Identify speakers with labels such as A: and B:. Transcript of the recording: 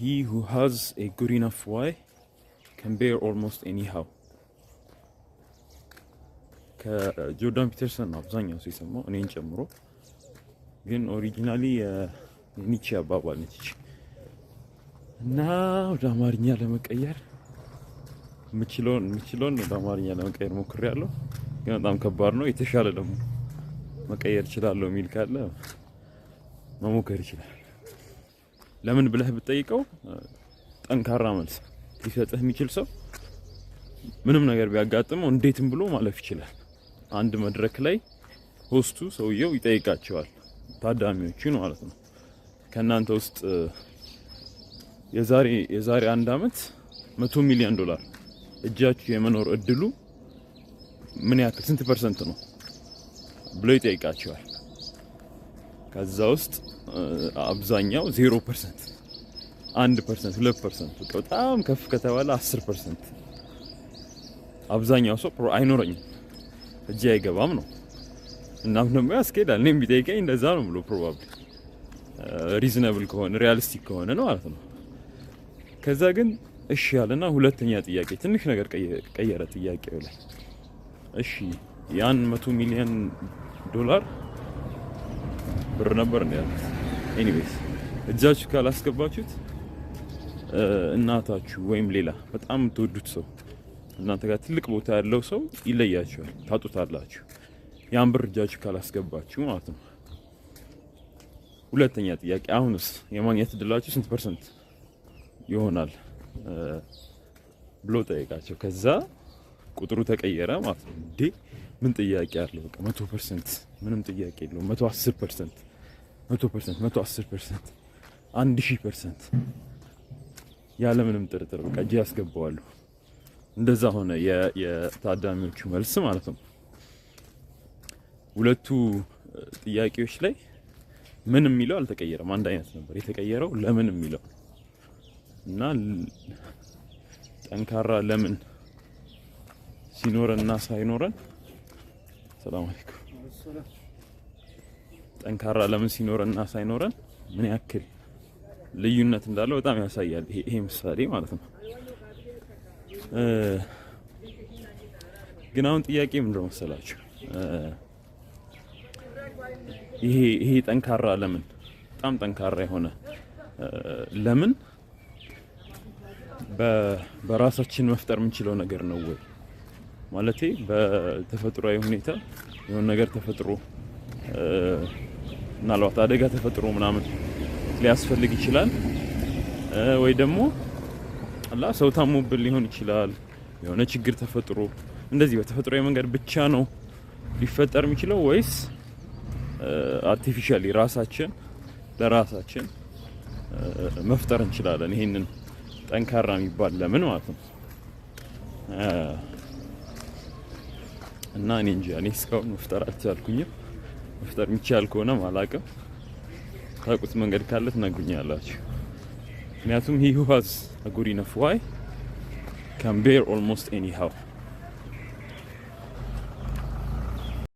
A: He who has a good enough why can bear almost anyhow ከጆርዳን ፒተርሰን አብዛኛው ሲሰማው እኔን ጨምሮ። ግን ኦሪጂናሊ የኒቼ አባባል ነች እና ወደ አማርኛ ለመቀየር ምችለውን ምችለውን ወደ አማርኛ ለመቀየር ሞክሬያለሁ። ግን በጣም ከባድ ነው። የተሻለ ደግሞ መቀየር ይችላለሁ የሚል ካለ መሞከር ይችላል። ለምን ብለህ ብትጠይቀው ጠንካራ መልስ ሊሰጥህ የሚችል ሰው ምንም ነገር ቢያጋጥመው እንዴትም ብሎ ማለፍ ይችላል። አንድ መድረክ ላይ ሆስቱ ሰውየው ይጠይቃቸዋል፣ ታዳሚዎችን ማለት ነው። ከእናንተ ውስጥ የዛሬ የዛሬ አንድ አመት መቶ ሚሊዮን ዶላር እጃችሁ የመኖር እድሉ ምን ያክል ስንት ፐርሰንት ነው ብሎ ይጠይቃቸዋል። ከዛ ውስጥ አብዛኛው ዜሮ ፐርሰንት አንድ ፐርሰንት ሁለት ፐርሰንት በጣም ከፍ ከተባለ አስር ፐርሰንት አብዛኛው ሰው አይኖረኝም እጅ አይገባም ነው። እናም ደግሞ ያስኬዳል። እኔም ቢጠይቀኝ እንደዛ ነው ብሎ ፕሮባብሊ ሪዝነብል ከሆነ ሪያሊስቲክ ከሆነ ነው ማለት ነው። ከዛ ግን እሺ ያለና ሁለተኛ ጥያቄ ትንሽ ነገር ቀየረ። ጥያቄ ላይ እሺ ያን መቶ ሚሊዮን ዶላር ብር ነበር ነው ያሉት ኤኒዌይስ እጃችሁ ካላስገባችሁት እናታችሁ ወይም ሌላ በጣም የምትወዱት ሰው እናንተ ጋር ትልቅ ቦታ ያለው ሰው ይለያችኋል፣ ታጡታላችሁ። ያን ብር እጃችሁ ካላስገባችሁ ማለት ነው። ሁለተኛ ጥያቄ፣ አሁንስ የማግኘት እድላችሁ ስንት ፐርሰንት ይሆናል ብሎ ጠየቃቸው። ከዛ ቁጥሩ ተቀየረ ማለት ነው። እንዴ ምን ጥያቄ አለው? በቃ መቶ ፐርሰንት ምንም ጥያቄ የለውም። መቶ አስር ፐርሰንት መቶ ፐርሰንት መቶ አስር ፐርሰንት አንድ ሺህ ፐርሰንት ያለምንም ጥርጥር በቃ እጅ ያስገባዋሉ። እንደዛ ሆነ የታዳሚዎቹ መልስ ማለት ነው። ሁለቱ ጥያቄዎች ላይ ምን የሚለው አልተቀየረም፣ አንድ አይነት ነበር። የተቀየረው ለምን የሚለው እና ጠንካራ ለምን ሲኖረን እና ሳይኖረን። ሰላም አለይኩም። ጠንካራ ለምን ሲኖርና ሳይኖረን ምን ያክል ልዩነት እንዳለው በጣም ያሳያል። ይሄ ምሳሌ ማለት ነው። ግን አሁን ጥያቄ ምንድነው መሰላችሁ? ይሄ ይሄ ጠንካራ ለምን በጣም ጠንካራ የሆነ ለምን በራሳችን መፍጠር የምንችለው ነገር ነው ወይ ማለቴ በተፈጥሯዊ ሁኔታ የሆነ ነገር ተፈጥሮ ምናልባት አደጋ ተፈጥሮ ምናምን ሊያስፈልግ ይችላል። ወይ ደግሞ አላ ሰው ታሞብን ሊሆን ይችላል። የሆነ ችግር ተፈጥሮ እንደዚህ በተፈጥሮ መንገድ ብቻ ነው ሊፈጠር የሚችለው ወይስ አርቲፊሻሊ ራሳችን ለራሳችን መፍጠር እንችላለን? ይሄንን ጠንካራ የሚባል ለምን ማለት ነው እና እኔ እንጂ እኔ እስካሁን መፍጠር አልቻልኩኝም። መፍጠር የሚቻል ከሆነ አላውቅም፣ ታውቁት መንገድ ካለ ትነግሩኛላችሁ። ምክንያቱም ሂ ሁ ሃዝ a good enough why can bear almost anyhow